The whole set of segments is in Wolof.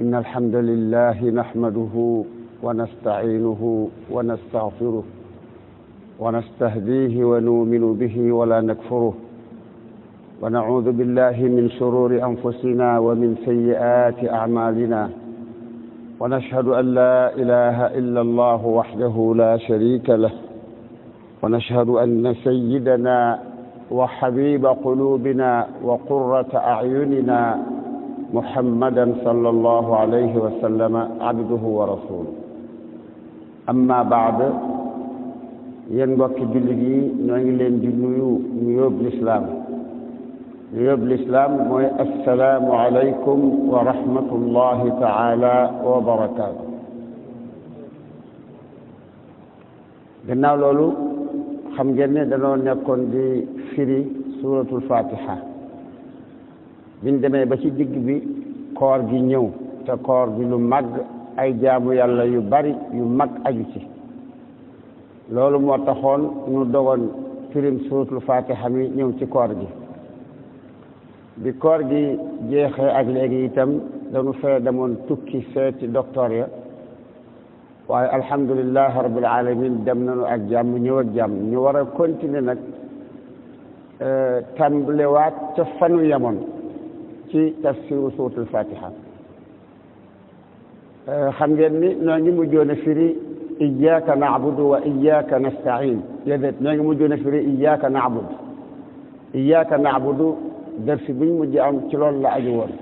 إن الحمد لله نحمده ونستعينه ونستغفره ونستهديه ونؤمن به ولا نكفره ونعوذ بالله من شرور أنفسنا ومن سيئات أعمالنا ونشهد أن لا إله إلا الله وحده لا شريك له ونشهد أن سيدنا وحبيب قلوبنا وقرة أعيننا محمدا صلى الله عليه وسلم عبده ورسوله أما بعد yéen mbokki jullit yi ñoo ngi leen di nuyu nuyóob lislaam nuyóob lislaam mooy assalaamu aleykum wa rahmatullahi taala wa barakaatu gannaaw loolu xam ngeen ne danoo nekkoon di firi suuratul fatiha biñ démé ba ci digg bi koor gi ñëw te koor bi lu mag ay jaamu yàlla yu bari yu mag aju ci loolu mo taxoon ñu dogon firim suratul fatiha mi ñëw ci koor gi bi koor gi jeexé ak légui itam dañu fé demoon tukki séti docteur ya waaye alhamdulilah rabbil alamin dem nañu ak jàmm ñëw ak jàmm ñu war a continuer nag tàmbalewaat ca fanu yemoon ci tafsiru suuratul fatiha euh, xam ngeen ni ñoo ngi mujjoon a firi iyyaka na'budu wa iyyaka nasta'in déedéet ñoo ngi mujjoon am ci loolu la aju woon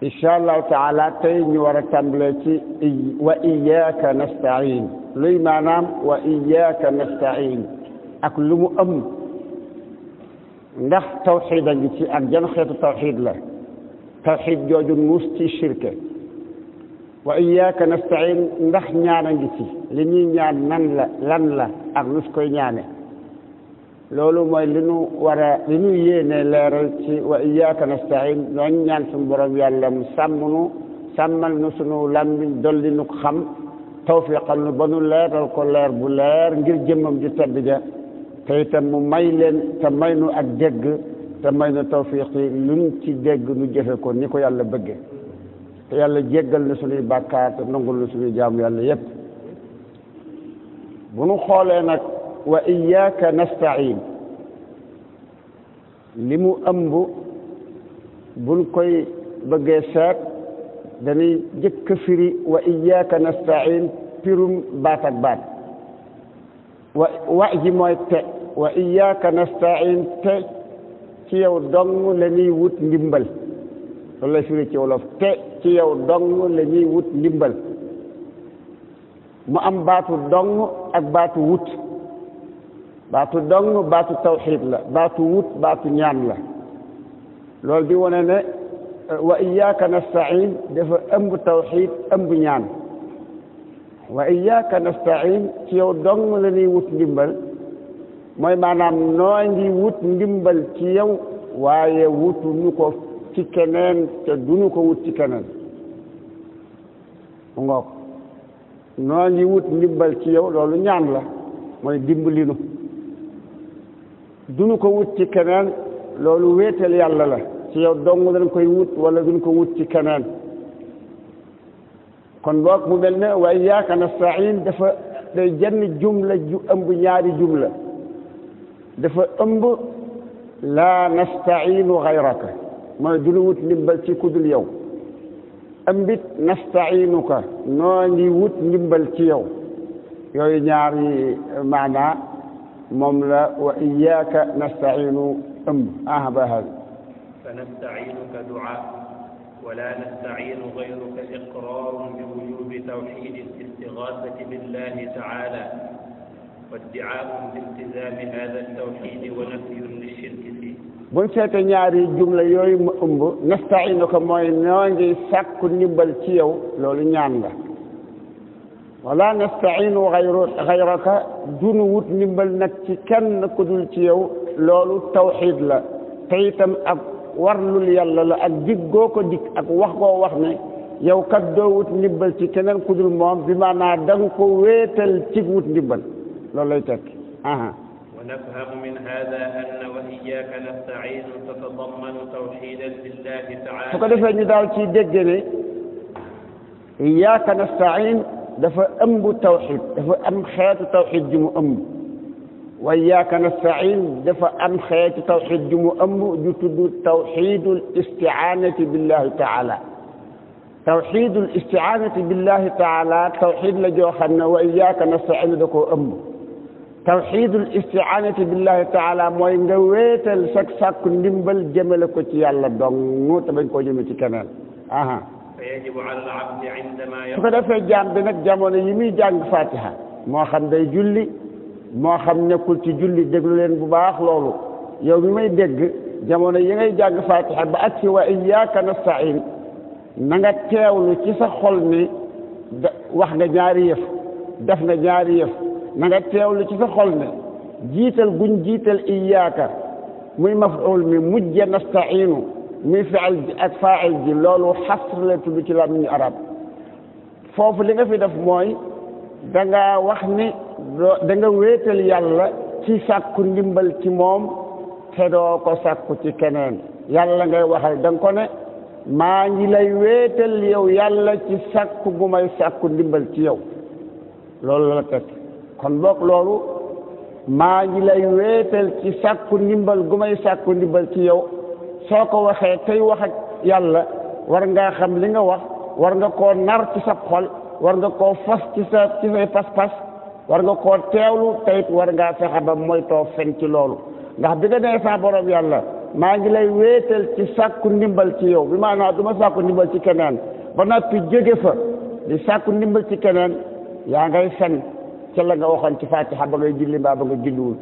incha taala tey ñu war a tàmbalee ci wa iyyaka nasta'in luy maanaam wa iyyaka nasta'in ak lu mu ëmb ndax tawxid a ci ak jan xeetu tawxid la tawxid jooju nuus ci shirke wa iyaaka nastain ndax ñaan a ci li ñuy ñaan nan la lan la ak nus koy ñaane loolu mooy li nu war a li nu yéene leeral ci wa iyaaka nastain ñooñ ñaan suñu borom yàlla mu sàmm nu sàmmal nu sunu làmmiñ dolli nu xam tawfiqal nu ba leeral ko leer bu leer ngir jëmmam ju tedd te mu may leen te may nu ak dégg te may nu tawfiq yi luñ ci dégg nu jëfe ko ni ko yàlla bëgge te yàlla jéggal na suñuy bàkkaar te nangul na suñuy jaamu yàlla yépp bu nu xoolee nag wa iyyaka nasta'in li mu ëmb buñ koy bëggee seet dañuy jëkk firi wa iyyaka nasta'in pirum baat ak baat wa wa ji mooy te wa iyyaka nasta'in te ci yow dong la wut ndimbal loolu la firi ci wolof te ci yow dong la ñuy wut ndimbal mu am baatu dong ak baatu wut baatu dong baatu tawxiid la baatu wut baatu ñaan la loolu bi wane ne euh, wa iyyaka nasta'in dafa ëmb tawxiid ëmb ñaan wa iyyaka nasta'in ci yow dong la wut ndimbal mooy maanaam noo ngi wut ndimbal ci yow waaye wutu ñu ko ci keneen te duñu ko wut ci keneen mu ngoog ngi wut ndimbal ci yow loolu ñaan la mooy dimbalinu duñu ko wut ci keneen loolu wéetal yàlla la ci yow dong dañ koy wut wala duñu ko wut ci keneen kon boog mu mel ne waaye yaakaar na saxiin dafa day jenn jumla ju am bu ñaari jumla دفع أمب لا نستعين غيرك ما دلوت نبلتي كود اليوم أمبت نستعينك نانيوت نبلتي يوم يوي نعري معنى مملا وإياك نستعين أم أه بهذا فنستعينك دعاء ولا نستعين غيرك إقرار بوجوب توحيد الاستغاثة بالله تعالى وادعاء لالتزام هذا التوحيد ونفي للشرك فيه buñ seete ñaari jumla yooyu ma ëmb nastainu ko mooy ñoo ngi sàkku ndimbal ci yow loolu ñaan la wala nastainu xayru xayraka dunu wut ndimbal nag ci kenn ku dul ci yow loolu tawxid la te itam ak warlul yàlla la ak dig goo ko dig ak wax goo wax ne yow kat doo wut ndimbal ci keneen ku dul moom bi maanaa da nga ko wéetal ci wut ndimbal لولا يتك أها ونفهم من هذا أن وإياك نستعين تتضمن توحيدا لله تعالى فقد فأني دعو تيدقني إياك نستعين دفع أم التوحيد دفع أم حياة التوحيد جم أم وإياك نستعين دفع أم حياة التوحيد جم أم جتد توحيد الاستعانة بالله تعالى توحيد الاستعانة بالله تعالى توحيد لجوحنا وإياك نستعين دكو أمه tawxiidul istianati billahi taala mooy nga wéetal sag sàkku ndimbal jëmale ko ci yàlla dong te bañ koo jëme ci keneen aha su ko defee jaam bi nag jamono yi muy jàng fatiha moo xam day julli moo xam nekkul ci julli déglu leen bu baax loolu yow mi may dégg jamono yi ngay jàng fatiha ba ak si wa iyyaka nasta'in na nga teewlu ci sa xol ni wax nga ñaari yëf def nga ñaari yëf na nga teewlu ci sa xol ne jiital guñ jiital iyaaka muy maf'ul mi mujje nasta'iinu muy fi'il ji ak faa'il ji loolu xasr la tudd ci làmmiñu arab foofu li nga fi def mooy da wax ni da nga wéetal yàlla ci sàkku ndimbal ci moom te doo ko sàkku ci keneen yàlla ngay waxal da ko ne maa ngi lay wéetal yow yàlla ci sàkku gu may sàkku ndimbal ci yow loolu la teg kon boog loolu maa ngi lay wéetal ci sàkku ndimbal gu may sàkku ndimbal ci yow soo ko waxee tey wax ak yàlla war ngaa xam li nga wax war nga koo nar ci sa xol war nga koo fas ci sa pas-pas war nga koo teewlu tayit war ngaa fexe ba moytoo fen ci loolu ndax bi nga nee saa yàlla maa ngi lay wéetal ci sàkku ndimbal ci yow bi maa du duma sàkku ndimbal ci keneen ba noppi jóge fa di sàkku ndimbal ci keneen yaa ngay fen ca la nga waxoon ci fatiha ba ngay julli mbaa ba nga julliwul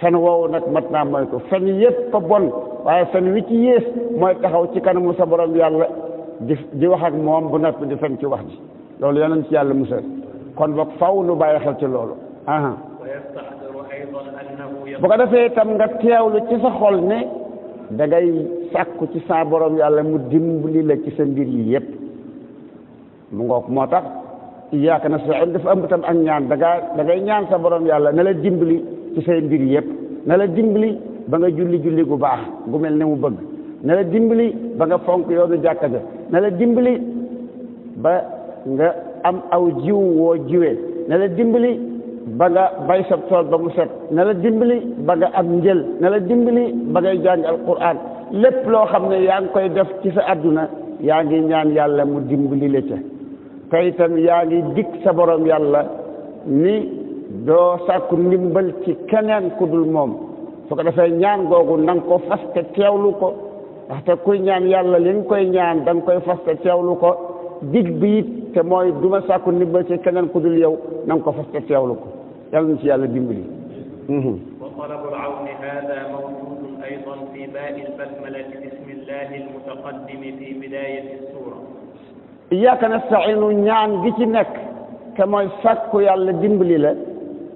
fen woowu nag mat naa mooy ko fen yépp a bon waaye fen wi ci yées mooy taxaw ci kanamu sa borom yàlla di di wax ak moom bu noppi di fen ci wax ji loolu yeneen ci yàlla musal kon boog faw nu bàyyi xel ci loolu aha bu ko defee itam nga teewlu ci sa xol ne da ngay sàkku ci sa borom yàlla mu dimbali la ci sa mbir yi yépp mu ngoog moo tax iyyaka nasta'in dafa ëmb tam ak ñaan da dangay ñaan sa borom yàlla na la dimbali ci say mbir yëpp na la dimbali ba nga julli julli gu baax gu mel ne mu bëgg na la dimbali ba nga fonk yoonu jàkka ja na la dimbali ba nga am aw jiw woo jiwee dimbali ba nga bay sa tool na la dimbali ba nga am njël na la dimbali ba ngay jàng alquran lépp loo xam ne yaa ngi koy def ci sa àdduna yaa ngi ñaan yàlla mu dimbali la te itam yaa ngi dig sa borom yàlla ni doo sàkku ndimbal ci keneen ku dul moom su ko ñaan googu na nga ko fas te teewlu ko ndaxte kuy ñaan yàlla li koy ñaan da koy fas te teewlu ko dig bi it te mooy du ma sàkku ndimbal ci keneen ku dul yow na ko fas te teewlu ko yàlla ci yàlla dimbali. Mm-hmm. wa talabul awni hada mawjudun aydan fi ba'i al-basmala bismillahi fi bidayati iyyaka nasta'inu ñaan gi ci nekk te mooy sàkku yàlla dimbali la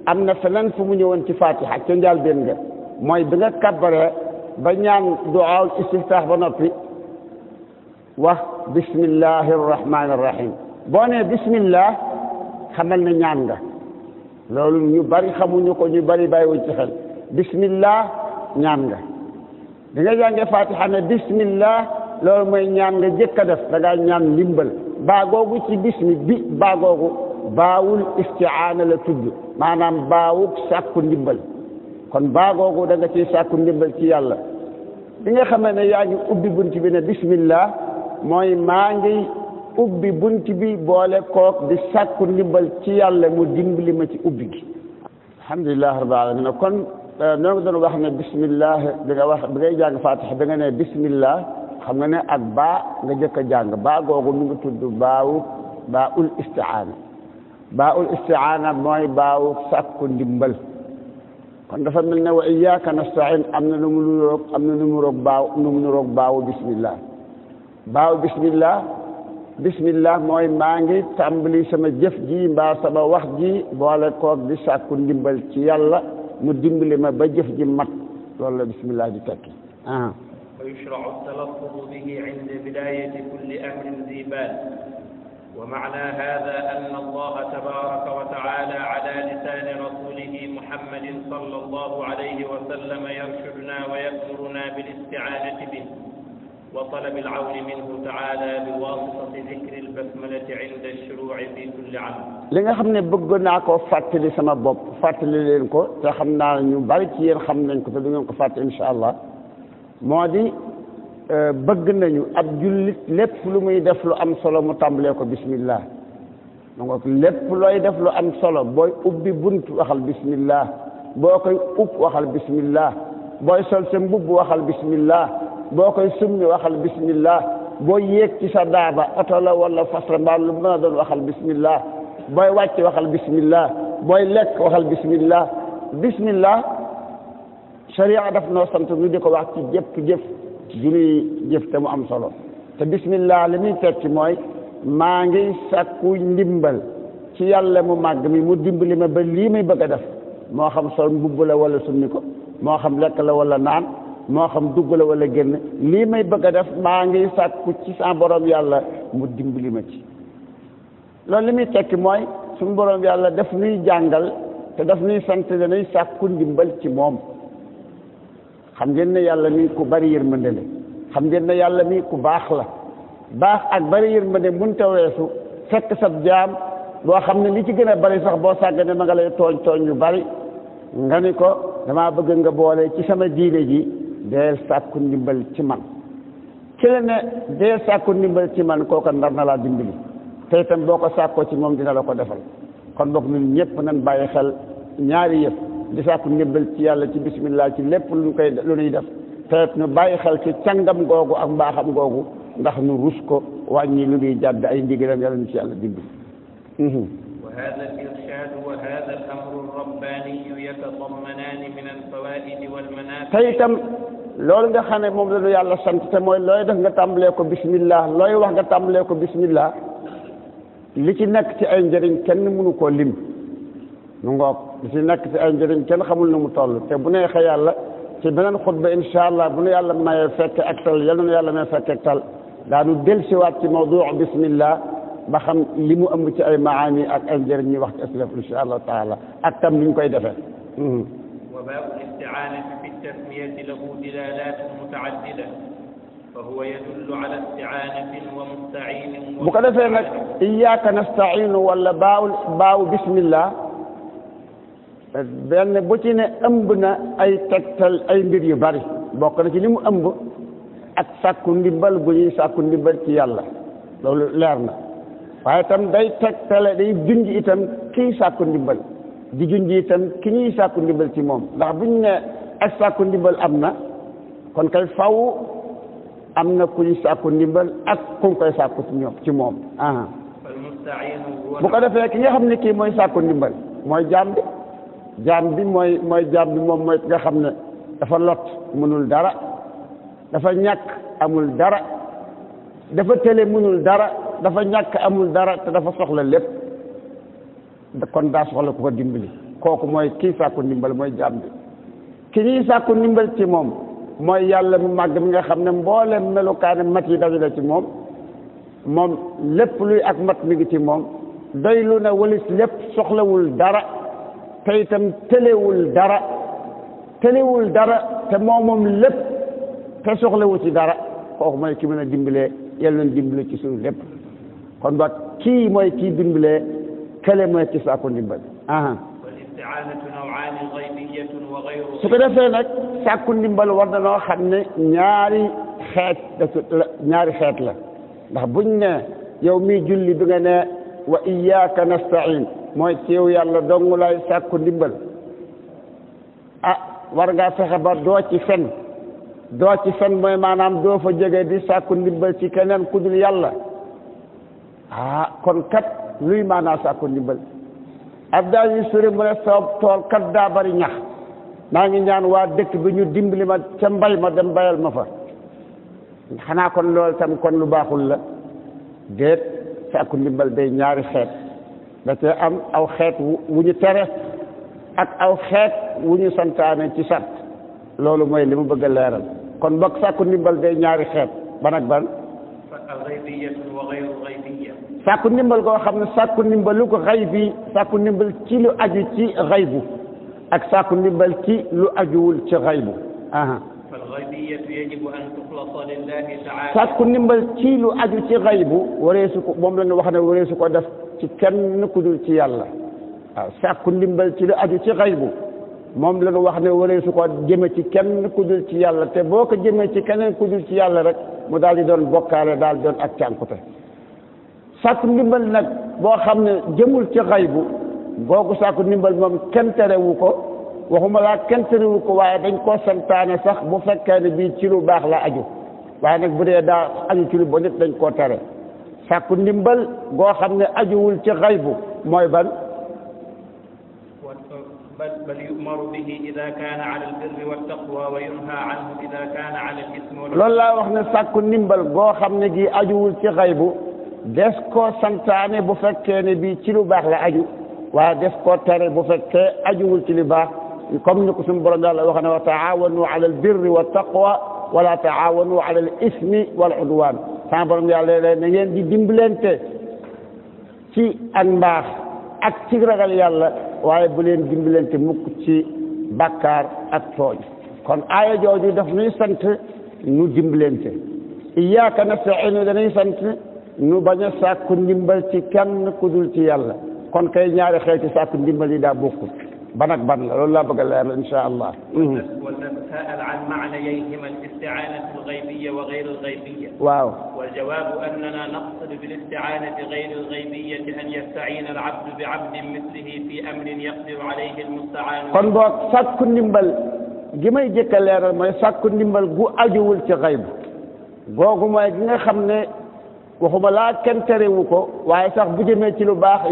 am na feneen fu mu ñëwoon ci fatiha ca njaal benn mooy bi nga kàbbaree ba ñaan duaaw istiftaax ba noppi wax bismillahi rahmaani rahim boo nee bismillah xamal ne ñaan loolu ñu bari xamuñu ko ñu bari bàyyiwuñ ci xel bismillah ñaan nga nga jàngee fatiha ne bismillah loolu mooy ñaan nga jëkk a def da ngaa ñaan ndimbal baa ci bismi bi baa googu baawul istiaana la tudd maanaam baawuk sàkku ndimbal kon baa googu da nga ciy sàkku ndimbal ci yàlla bi nga xamee ne yaa ngi ubbi bunt bi ne maa ngi ubbi bunt bi boole kook di sàkku ndimbal ci yàlla mu dimbali ma ci ubbi gi alhamdulilah rabbil alamin kon euh, noo ngi doon wax ne bismillah bi nga wax bi ngay jàng fatiha bi nga ne bismillah xam nga ne ak baa nga jëkk a jàng baa googu mu ngi tudd baawu baa ul istiaana baa ul mooy baawu sàkku ndimbal kon dafa mel ne wa iyyaka nasta'in am na nu mu nu roog baaw nu mu baawu bismillah baawu bismillah bismillah mooy maa ngi tàmbali sama jëf ji mbaa sama wax ji boole koog di sàkku ndimbal ci yàlla mu dimbali ma ba jëf ji mat loolu bismillah di tekki ويشرع التلفظ به عند بداية كل أمر ذي بال ومعنى هذا أن الله تبارك وتعالى على لسان رسوله محمد صلى الله عليه وسلم يرشدنا ويأمرنا بالاستعانة به وطلب العون منه تعالى بواسطة ذكر البسملة عند الشروع في كل عام li nga xam ne bëggoon naa koo fàttali sama bopp نبارك يرخم ko te إن شاء الله moo di e, bëgg nañu ab jullit lépp lu muy def lu am solo mu tàmbalee ko bismillah ma nga lépp looy def lu am solo booy ubbi bunt waxal bismillah boo koy ub waxal bismillah booy sol sa mbubb waxal bismillah boo koy summi waxal bismillah boo yéeg ci sa daaba oto la wala fas la lu mën a doon waxal bismillah booy wàcc waxal bismillah booy lekk waxal bismillah bismillah sharia daf noo sant ñu di ko wax ci jëpp jëf ju ñuy jëf te mu am solo te bismillah li muy tekki mooy maa ngi sàkku ndimbal ci yàlla mu màgg mi mu dimbali ma ba lii may bëgg a def moo xam sol mbubb la wala summi ko moo xam lekk la wala naan moo xam dugg la wala génn lii may bëgg a def maa ngi sàkku ci sa boroom yàlla mu dimbali ma ci loolu li muy tekki mooy suñu borom yàlla daf nuy jàngal te daf nuy sant dañuy sàkku ndimbal ci moom xam ngeen ne yàlla mi ku bari yërmande la xam ngeen ne yàlla mi ku baax la baax ak bari yërmande te weesu fekk sab jaam boo xam ne li ci gën a bari sax boo sàggane ma nga lay tooñ tooñ yu bari nga ni ko damaa bëgg nga boole ci sama diine ji deel sàkku ndimbal ci man ci la ne deel sàkku ndimbal ci man kooka ndar na laa dimbali te itam boo ko sàkkoo ci moom dina la ko defal kon bokk ñun ñëpp nañ bàyyi xel ñaari yëpp di sàkku ndimbal ci yàlla ci bismillah ci lépp lu koy lu nuy def teet nu bàyyi xel ci cangam googu ak mbaaxam googu ndax nu rus ko wàññi lu nuy jàdd ay ndigalam yàlla nu ci yàlla dimbal وهذا mm-hmm. itam loolu nga xam moom la ñu yàlla sant te mooy looy def nga tàmbalee ko bismillah looy wax nga tàmbalee ko bismillah li ci nekk ci ay njariñ kenn mënu koo lim nu ngoog di si nekk si ay njëriñ kenn xamul nu mu toll te bu neexee yàlla ci beneen xutba incha allah bu nu yàlla mayee fekk ak tal yal na yàlla may fekk ak tal daanu dellusiwaat ci mawduu bismillah ba xam li mu ëmb ci ay maani ak ay njëriñ ñuy wax ci aslaf incha allah taala ak tam ni ñu koy defee. وباب الاستعانة في التسمية له دلالات متعددة فهو يدل على استعانة ومستعين. bu ko defee nag. إياك نستعين wala baaw baaw bismillah. benn bu ci ne ëmb na ay tegtal ay mbir yu bari bokk na ci li mu ëmb ak sàkku ndimbal bu ñuy sàkku ndimbal ci yàlla loolu leer na waaye itam day tegtale day junj itam kii sàkku ndimbal di junj itam ki ñuy sàkku ndimbal ci moom ndax bu ñu ne ak sàkku ndimbal am na kon kay faw am na ku ñuy sàkku ndimbal ak ku ñu koy sàkku ci moom bu ko defee ki nga xam ne kii mooy sàkku ndimbal mooy jaam jaam bi mooy mooy jaam bi moom mooy nga xam ne dafa lot mënul dara dafa ñàkk amul dara dafa tële mënul dara dafa ñàkk amul dara te dafa soxla lépp kon daa soxla ku ko dimbali kooku mooy kii sàkku ndimbal mooy jaam bi ki ñuy sàkku ndimbal ci moom mooy yàlla mu màgg mi nga xam ne mboolem melukaane mat yi dajale ci moom moom lépp luy ak mat mi ngi ci moom doylu na walis lépp soxlawul dara تيتم تلو الدرا تلو الدرا تمامم لب تسوغل وتي درا خوخ ماي كي مانا ديمبلي يالنا ديمبلي كي سونو لب كون بات كي ماي كي ديمبلي كلي ماي كي ساكو ديمبلي اها والاستعانه نوعان غيبيه وغير سوكو دافا نك ساكو ديمبل ورنا لو خامني نياري خيت نياري خيت لا دا بوغن يومي جولي بيغنا واياك نستعين mooy ci yàlla dong lay sàkku ndimbal ah war ngaa fexe ba doo ci fen doo ci fen mooy maanaam doo fa jege di sàkku ndimbal ci keneen ku yàlla ah kon kat luy maanaam sàkku ndimbal abdal yi suri mu ne soob tool kat daa bari ñax maa ngi ñaan waa dëkk bi ñu dimbali ma ca mbay ma dem bayal ma fa xanaa kon lool tam kon lu baaxul la déet sàkku ndimbal day ñaari xeet da cee am aw xeet wu ñu tere ak aw xeet wu ñu santaane ci sart loolu mooy li mu bëgg a leeral kon bokk sàkku ndimbal day ñaari xeet ban ak ban sàkku ndimbal koo xam ne sàkku ndimbalu ko xay bi sàkku ndimbal ci lu aju ci xay ak sàkku ndimbal ci lu ajuwul ci xay bu sàkku ndimbal ci lu aju ci xaybu wareesu ko moom la ñu wax ne wareesu ko def ci kenn ku dul ci yàlla waaw sàkku ndimbal ci lu aju ci xaybu moom la ñu wax ne wareesu ko jëme ci kenn ku ci yàlla te boo ko jëmee ci keneen ku ci yàlla rek mu daal di doon bokkaale daal di doon ak cànkute sàkku ndimbal nag boo xam ne jëmul ci xaybu googu sàkku ndimbal moom kenn terewu ko وهم لا kenn tëriwul ko waaye dañ ko santaane sax bu fekkee ne bii ci lu baax la aju waaye nag bu dee daa aju ci lu bon it dañ ko tere fàkk ndimbal goo xam ne ajuwul ci بل يؤمر به إذا كان على البر والتقوى وينهى عنه إذا كان على الإثم لولا وحنا ساكو نيمبال غو خامني جي ديس كو سانتاني بو فكيني بي تشي لو باخ لا اجو وا ديس كو تاري بو فكيه اجوول تشي لو باخ comme ni ko suñu borom daal wax ne wa taawanu ala al birri wa taqwa wala taawanu ala al ismi wal udwan sama borom yàlla leen na ngeen di dimbalante ci ak mbaax ak ci ragal yàlla waaye bu leen dimbalante mukk ci bàkkaar ak tooñ kon aaya jooju daf nuy sant nu dimbalante iyaaka nastainu danuy sant nu bañ a sàkku ndimbal ci kenn ku dul ci yàlla kon kay ñaari xeeti sàkku ndimbal yi daa bokkut بنك بنك قول لا بقى لا ان شاء الله والمسائل عن معنييهما الاستعانه الغيبيه وغير الغيبيه واو والجواب اننا نقصد بالاستعانه غير الغيبيه ان يستعين العبد بعبد مثله في امر يقدر عليه المستعان كون بوك ساك نيمبال جيماي جيكا لير ما ساك نيمبال غو اجوول سي غيب غوغو ما جيغا خامني waxuma laa kenn terewu ko waaye sax bu jëmee ci lu baax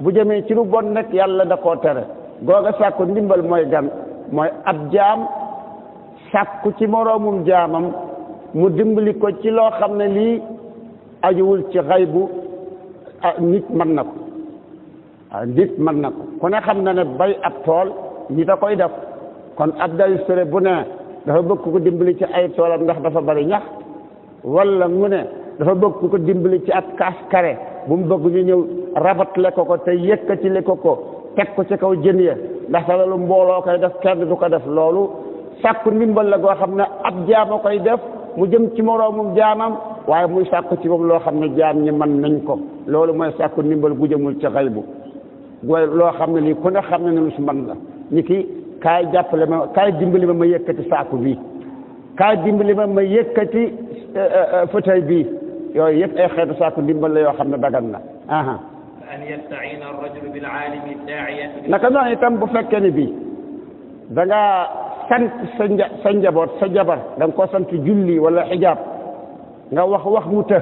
bu jëmee ci lu bon nag yàlla da koo tere googa sàkku ndimbal mooy gan mooy ab jaam sàkku ci moroomum jaamam mu dimbali ko ci loo xam ne lii ajuwul ci xay bu ah, nit mën na ko ah, nit mën na ko ku ne xam na ne bay ab tool nit a koy def kon ab dalistre bu ne dafa bëgg ko dimbali ci ay toolam ndax dafa bari ñax walla mu ne dafa bëgg ko dimbali ci ab kaas kare bu mu bëgg ñu ñëw rabatle ko ko te yëkkatile ko ko teg ko ci kaw jën ya ndax sa loolu mbooloo koy def kenn du ko def loolu sàkku ndimbal la goo xam ne ab jaama koy def mu jëm ci moroomum jaamam waaye muy sàkku ci moom loo xam ne jaam ñi man nañ ko loolu mooy sàkku ndimbal gu jëmul ci xay bu loo xam ne lii ku ne xam ne ne lu su man la ni ki kaay jàppale ma kaay dimbali ma ma yëkkati saaku bi dimbali ma ma yëkkati euh, euh, euh, fauteuil bii yooyu yëpp ay xeetu sàkku ndimbal la yoo xam ne dagan na aha an yastaina ar bu fekkee ni bi da sant sa nja sa njaboot sa jabar da nga koo sant julli wala xijaab nga wax wax wu të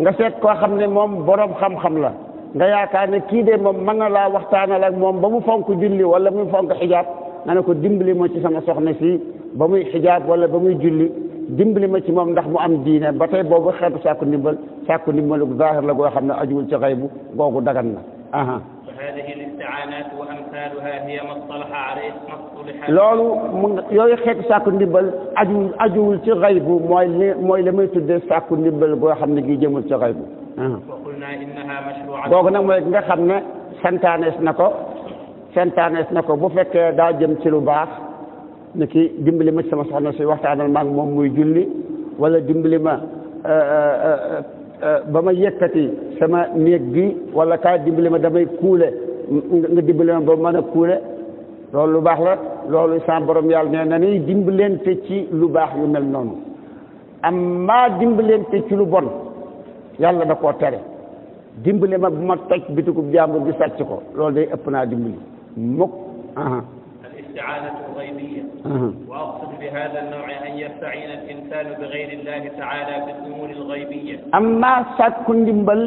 nga seet koo xam ne moom boroom xam-xam la nga yaakaar ne kii de moom mën na laa waxtaanal ak moom ba mu fonk julli wala mu fonk xijaab nga ne ko dimbali ma ci sama soxna si ba muy xijaab wala ba muy julli dimbali ma ci moom ndax mu am diine ba tey boobu xeetu sàkku ndimbal sàkku ndimbalu zaahir la goo xam ne ajuwul ci xaybu googu dagan na aha loolu mu yooyu xeetu sàkku ndimbal aju ajuwul ci xaybu mooy li mooy li may tuddee sàkku ndimbal goo xam ne gi jëmul ci xaybu googu nag mooy nga xam ne santaanees na ko santaanees na ko bu fekkee daa jëm ci lu baax ni ki dimbali ma ci sama soxna si waxtaanal ma moom muy julli walla dimbali ma euh, euh, euh, ba ma yëkkati sama néeg bi wala kaa dimbali ma damay kuule nga dimbali ma ba mën a kuule loolu lu baax la loolu sa borom yàlla nee na ni dimbalante ci lu baax yu mel noonu amma dimbalante ci lu bon yàlla da koo tere dimbali ma bu ma toj bitikub jàmbur bi sàcc ko loolu day ëpp naa dimbali mukk الاستعانة غيبية وأقصد بهذا النوع أن يستعين الإنسان بغير الله تعالى بالأمور الغيبية أما ساك ndimbal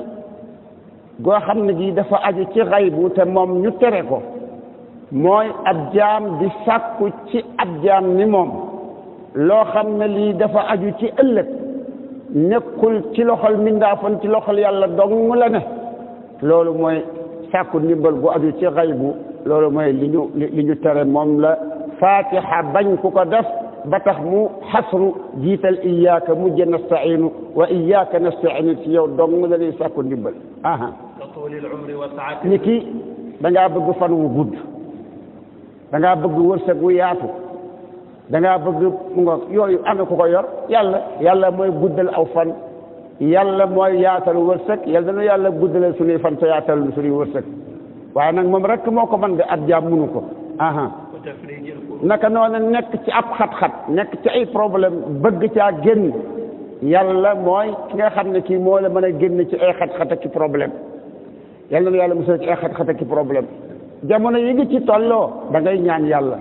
goo xam ne gi dafa aju ci xaybu te moom ñu tere ko mooy ab jaam di sàkku ci ab jaam ni moom loo xam ne lii dafa aju ci ëllëg nekkul ci loxol mindaafan ci loxol yàlla dong la ne loolu mooy sàkku ndimbal gu aju ci xaybu lolu moy liñu liñu tere mom la fatiha bañ ku ko def ba tax mu hasru jital iyyaka mujj nastainu wa iyyaka nasta'in fi yow dong la ñuy sàkku ndimbal aha ni ki da nga bëgg fan wu gudd da nga bëgg wërsëg wu yaatu da nga bëgg mu nga yoyu am ko ko yor yàlla yàlla moy guddal aw fan yàlla moy yaatal wërsëg yàlla dana yàlla guddal suñu fan ta yaatal suñu wërsëg waaye nag moom rek moo ko mën de ab jaam ko aha naka noonu nekk ci ab xat-xat nekk ci ay problème bëgg caa génn yàlla mooy ki nga xam ne kii moo la mën a génn ci ay xat-xat ak ci problème yàlla na yàlla musal ci ci problème jamono yi ngi ci tolloo da ngay ñaan yàlla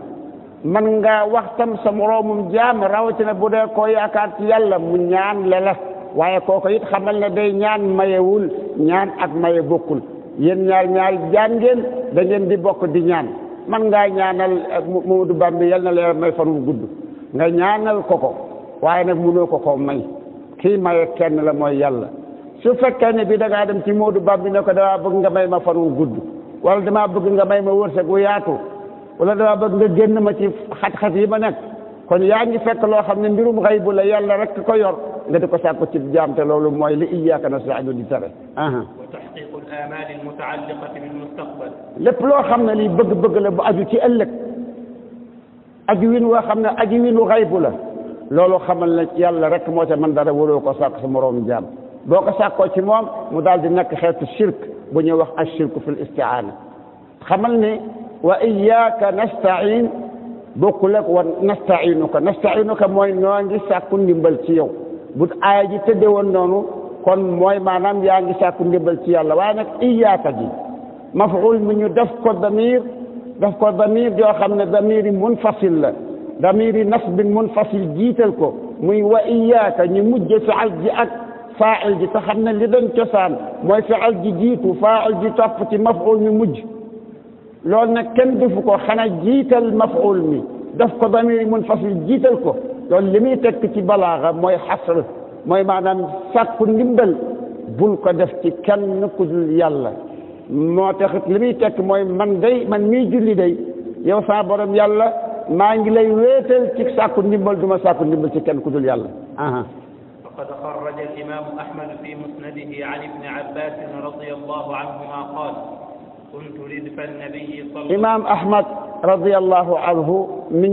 man nga waxtam sa moroomum jaam rawatina bu dee koo yaakaar ci yàlla mu ñaan la la waaye kooko it xamal ne day ñaan mayewul ñaan ak maye bokkul yéen ñaar ñaar jaan ngeen da ngeen di bokk di ñaan man ngaa ñaanal eh, Mamadou Bambi yal na leer may fan gudd nga ñaanal ko ko waaye nag mënoo ko ko may kii maye kenn la mooy yàlla su fekkee ne bi dangaa dem ci Mamadou Bambi ne ko damaa bëgg nga may ma fan wu gudd wala damaa bëgg nga may ma wërsëg wu yaatu wala damaa bëgg nga génn ma ci xat-xat yi ma nekk kon yaa ngi fekk loo xam ne mbirum xaybu la yàlla rek ko yor nga di ko sàkku ci jaam te loolu mooy li iyyaaka nasta'iin di tere الامال المتعلقه بالمستقبل لب لو خمنا لا يالا رك موتا من دار ولو كو ساك سمروم جام بوكو ساكو تي موم مو دال دي نك خيت الشرك بو ني واخ الشرك في الاستعانه خملني واياك نستعين بوك ونستعينك نستعينك موي نوان دي ساكو سي يو بوت اياجي تدي نونو kon mooy maanaam yaa ngi sàkku ndimbal ci yàlla waaye nag iyaaka ji mafuul mi ñu def ko damir daf ko damir yoo xam ne damir yi munfasil la damir yi nas bi munfasil jiital ko muy wa iyaaka ñu mujje fial ji ak faa'il ji te xam ne li doon cosaan mooy fial ji jiitu faa'il ji topp ci mafuul mi mujj loolu nag kenn defu ko xana jiital mafuul mi daf ko damir yi munfasil jiital ko loolu li muy tekk ci balaaxa mooy xasr moy manam sàkku ndimbal bul ko def ci kenn ku dul yàlla mo taxit limi tek moy man day man mi julli day yow sa borom yàlla ma ngi lay wéetal ci sàkku ndimbal duma sàkku ndimbal ci kenn ku dul yàlla aha وقد خرج الإمام أحمد في مسنده عن ابن عباس رضي الله عنهما قال كنت ردف النبي صلى الله عليه وسلم إمام أحمد رضي الله عنه من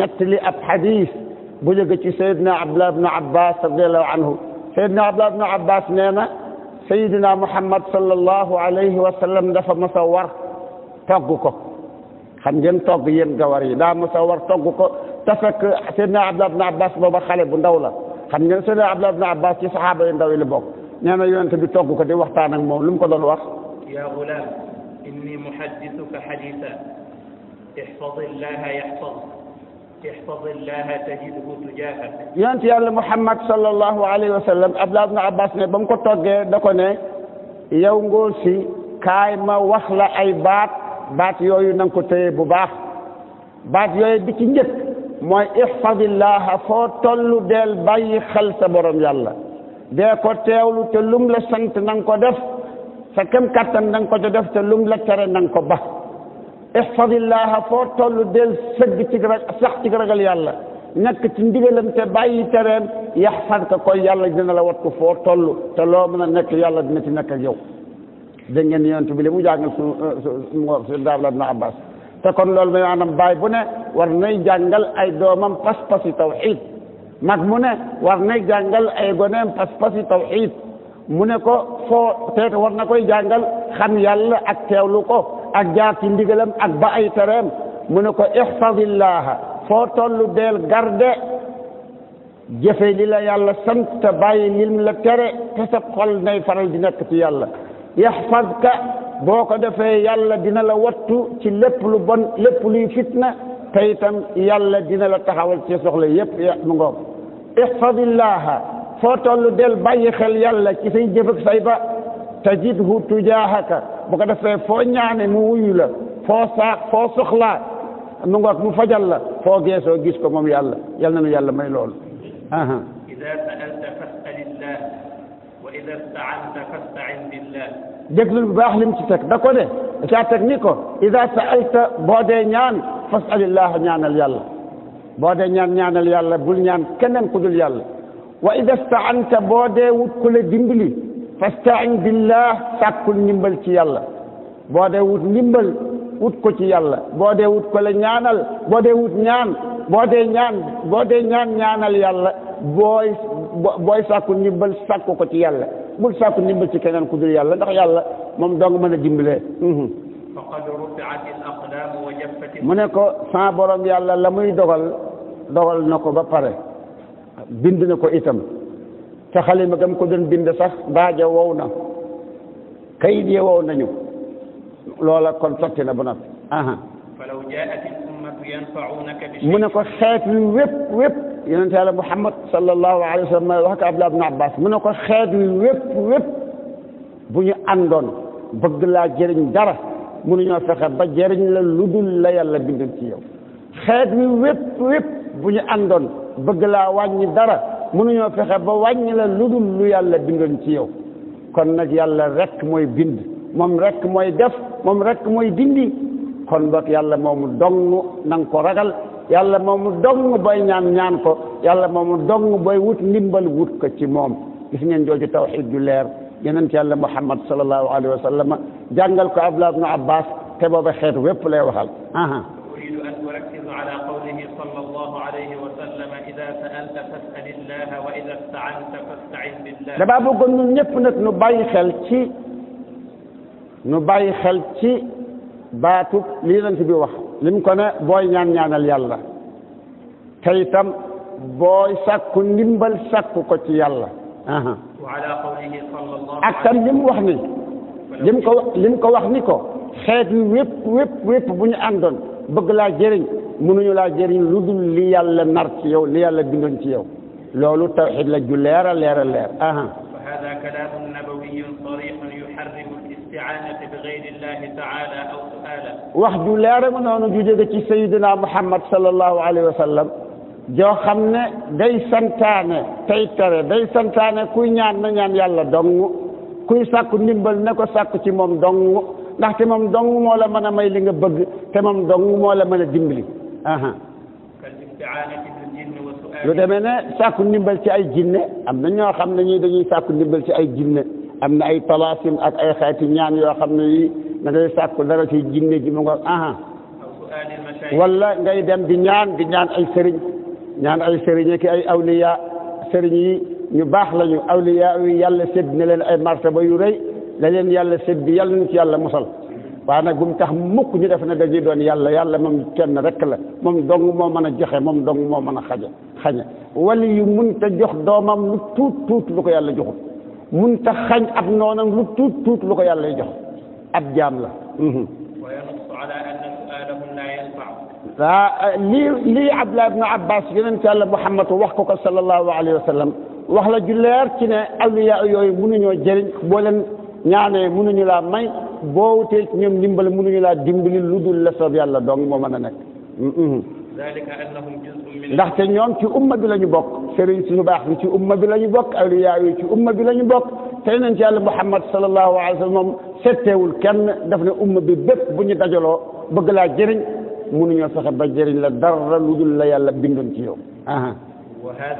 نتلي أب حديث بلغت سيدنا عبد الله بن عباس رضي الله عنه سيدنا عبد الله بن عباس نينا سيدنا محمد صلى الله عليه وسلم دفع مصور تقوك خمجن تقيم قواري لا مصور تقوك تفك سيدنا عبد الله بن عباس بابا خالي بن دولة خمجن سيدنا عبد الله بن عباس يصحابه يندوي لبوك نينا يوان تبي تقوك دي وقتانا مولم كدل وقت يا غلام إني محدثك حديثا احفظ الله يحفظك احفظ الله تجده تجاهك يانت يا محمد صلى الله عليه وسلم ابلاغنا عباس نه بام كو توغي داكو نه ياو كاي ما اي بات بات يوي نانكو تي بو باخ بات يوي دي سي احفظ الله فو تولو ديل باي خل سا بروم يالا دي كو تيولو تي لوم لا سانت نانكو ديف سا كم كاتان نانكو تري نانكو احفظ الله فوتول ديل سجتك سحتك رجل يلا نك تندي لم تباي ترى يحفظك كل يلا جن الله وقت فوتول تلو من نك يلا دمت نك يو دنيا نيان تبلي بوجان سندار لنا عباس تكون لول من أنا يعنى باي بنا ورني جنجال أي دومم بس بس التوحيد mag mu ne war nay jàngal ay goneem pas pasi tawxid mu ne ko foo teeta war na koy jàngal xam yàlla ak teewlu ko ak jaar ci ndigalam ak ba ay tereem mu ne ko ixfadillaha foo tollu deel garde jëfe li la yàlla sant te bàyyi lim la tere te sa xol nay faral di nekk ci yàlla yaxfadka boo ko defee yàlla dina la wattu ci lépp lu bon lépp luy fitna te itam yàlla dina la taxawal ci soxla yépp mu ngoog ixfadillaha foo tollu del bàyyi xel yàlla ci say jëf ak say ba تجده تجاهك بقدر سي فو ني مو لا مو فجال لا فو غيسو غيس كو موم يلا يالنا نو يالا ماي لول اها اذا سالت فاسال الله واذا استعنت فاستعن بالله ديك لو باخ لم سي تك اذا سالت بودي نيان فاسال الله نيانال يالا بودي نيان نيانال يالا بول نيان كنن كودول يالا واذا استعنت بودي وكل ديمبلي fastain billah sàkkul ndimbal ci yàlla boo dee wut ndimbal wut ko ci yàlla boo dee wut ko la ñaanal boo dee wut ñaan boo dee ñaan boo dee ñaan ñaanal yàlla booy booy sàkku ndimbal sàkku ko ci yàlla bul sàkku ndimbal ci keneen ku yàlla ndax yàlla moom doo nga mën a dimbalee mhm. mu ne ko sans borom yàlla la muy dogal dogal na ko ba pare bind na ko itam te xalima gam ko doon bind sax baaja wow na kayit ya wow nañu loola kon sotti na bu noppi aha falaw jaat al ummatu yanfa'unaka bi mu ne ko xeet wi wépp wépp yonente yàlla muhammad sallallahu alayhi wa sallam wax ko abdullah ibn abbas mu ne ko xeet wi wépp wépp bu ñu àndoon bëgg laa jëriñ dara mënuñoo fexe ba jëriñ la lu dul la yàlla bindal ci yow xeet wi wépp wépp bu ñu àndoon bëgg laa wàññi dara munu ñoo fexe ba wañ la luddul lu yàlla bindoon ci yow kon nag yàlla rek mooy bind moom rek mooy def moom rek mooy dindi kon bok yàlla moomu dong nang ko ragal yàlla moomu dong booy ñaan ñaan ko yàlla moomu dong booy wut ndimbal wut ko ci moom gis ngeen jooju tawxid du leer yonent yàlla muhammad sallallahu alayhi wa sallam jàngal ko abdullah ibnu abbas te booba xeet wépp lay waxal aha damaa bëggoon ñun ñëpp nag nu bàyyi xel ci nu bàyyi xel ci baatu li yonent bi wax lim ko ne booy ñaan ñaanal yàlla te itam booy sàkku ndimbal sàkku ko ci yàlla ak tam lim wax ni lim ko lim ko wax ni ko xeet yi wépp wépp wépp bu ñu àndoon bëgg laa jëriñ mu mënuñu laa jëriñ lu dul li yàlla nar ci yow li yàlla bindoon ci yow loolu tawxid la ju leer a leer a leer aha wa hada kalaamun nabawiyyun sariihun yuharrimu al-isti'aanata bi ghayri llaahi ta'aalaa aw su'aalahu wax ju leer a noonu ju jóge ci sayyidina Muhammad sallallahu alayhi wa sallam joo xam ne day santaane tey tere day santaane kuy ñaan na ñaan yàlla dong kuy sàkku ndimbal na ko sàkku ci moom dong ndaxte moom dong moo la mën a may li nga bëgg te moom dong moo la mën a dimbali aha lu demee ne sàkku ndimbal ci ay jinne am na ñoo xam ne ñii dañuy sàkku ndimbal ci ay jinne am na ay talaasim ak ay xeeti ñaan yoo xam ne yi da ngay sàkku dara ci jinne ji mu nga aha wala ngay dem di ñaan di ñaan ay sëriñ ñaan ay sëriñ ki ay awliya sëriñ yi ñu baax lañu awliya yi yàlla sédd na leen ay martaba yu rëy la leen yàlla sédd yàlla na ci yàlla musal waaye nag bu mu tax mukk ñu def ne dañuy doon yàlla yàlla moom kenn rek la moom dong moo mën a joxe moom dong moo mën a xaja xañe wali yu mun te jox doomam lu tuut tuut lu ko yàlla joxul mun te xañ ab noonam lu tuut tuut lu ko yàlla jox ab jaam la waa lii lii Abdullah ibn Abbas yonent yàlla Muhammad wax ko ko sallallahu alayhi wa sallam wax la ju leer ci ne awliya yooyu mënuñoo jëriñ boo leen ñaanee mënuñu laa may boo wutee ci ñoom ndimbal mënuñu laa dimbali lu dul la soob yàlla dong moo mën a nekk ndaxte ñoom ci umma bi la ñu bokk sëriñ suñu baax bi ci umma bi la ñu bokk awliyaa yi ci umma bi la ñu bokk te nañ ci yàlla muhammad sallallahu alayhi wa sallam moom setteewul kenn daf ne umma bi bépp bu ñu dajaloo bëgg laa jëriñ mënuñoo fexe ba jëriñ la dara lu dul la yàlla bindoon ci yow a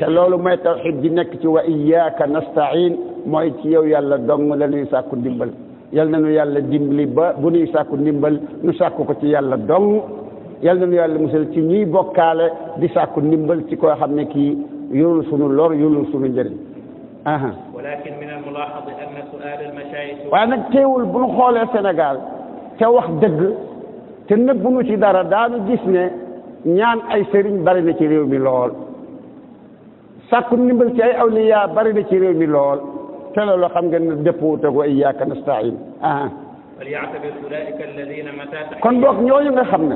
te loolu mooy tawxid di nekk ci wa iyyaka nasta'in mooy ci yow yàlla dong la ñuy sàkku ndimbal yal nañu yàlla dimbali ba bu sàkku ndimbal sàkku ko ci yàlla dong yal yàlla musal ci ñuy bokkaale di sàkku ndimbal ci ko xam ne kii yorul sunu lor yorul sunu njëriñ aha waaye nag teewul bu ñu xoolee Sénégal te wax dëgg te nëbbu ñu ci dara daanu gis ñaan ay sëriñ bari na ci réew mi lool sàkku ndimbal ci ay awliya bari ci réew mi lool te xam ngeen ne dëppoo tego ay yaaka nastain ah kon boog ñooñu nga xam ne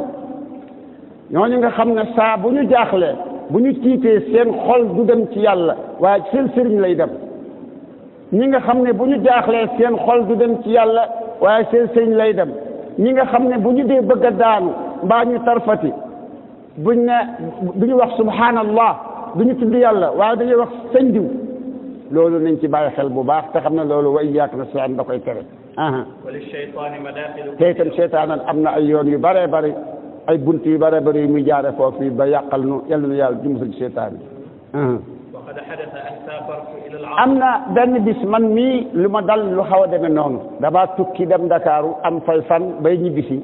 ñooñu nga xam ne saa bu ñu jaaxlee bu ñu tiitee seen xol du dem ci yàlla waaye seen sëriñ lay dem ñi nga xam ne bu ñu jaaxlee seen xol du dem ci yàlla waaye seen sëriñ lay dem ñi nga xam ne bu ñu dee bëgg a daanu mbaa ñu tarfati buñ ne duñu wax subhanallah duñu tudd yàlla waaye dañuy wax sëñ diw loolu nañ ci bàyyi xel bu baax te xam ne loolu wa iyaaka nastaan da koy tere te itam seytaane am na ay yoon yu bare bare ay bunt yu bare bare yu muy jaare foofu ba yàqal nu yàlla nu yàlla di musal ci seytaane am na benn bis man mii lu ma dal lu xaw a demee noonu damaa tukki dem Dakaaru am fay fan bay ñibbisi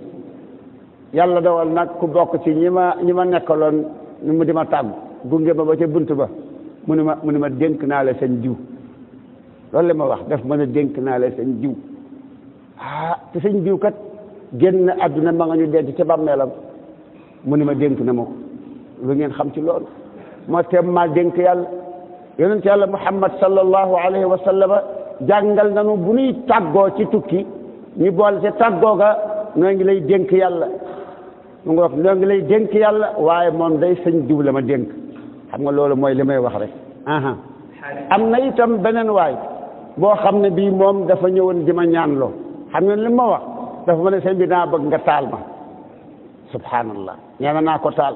yàlla dawal nag ku bokk ci ñi ma ñi ma nekkaloon mu di ma tàggu gunge ma ba ca bunt ba mu ne ma mu dénk naa la seen jiw loolu la ma wax def mën a dénk naa la seen jiw ah te seen jiw kat génn àdduna ma nga ñu denc ca bàmmeelam mu ne ma dénk na ma ko lu ngeen xam ci loolu moo teem maa dénk yàlla yonent yàlla muhammad sallallahu alayhi wa sallama jàngal nanu bu nuy tàggoo ci tukki ñu boole ca tàggoo ga noo ngi lay dénk yàlla mu nga wax lay dénk yàlla waaye moom day sañ diw ma dénk xam nga loolu mooy li may wax rek aha am na itam beneen waay boo xam ne bii moom dafa ñëwoon di ma ñaan loo xam ngeen li ma wax dafa ne sëñ bi naa bëgg nga taal ma subhanallah ñeme naa ko taal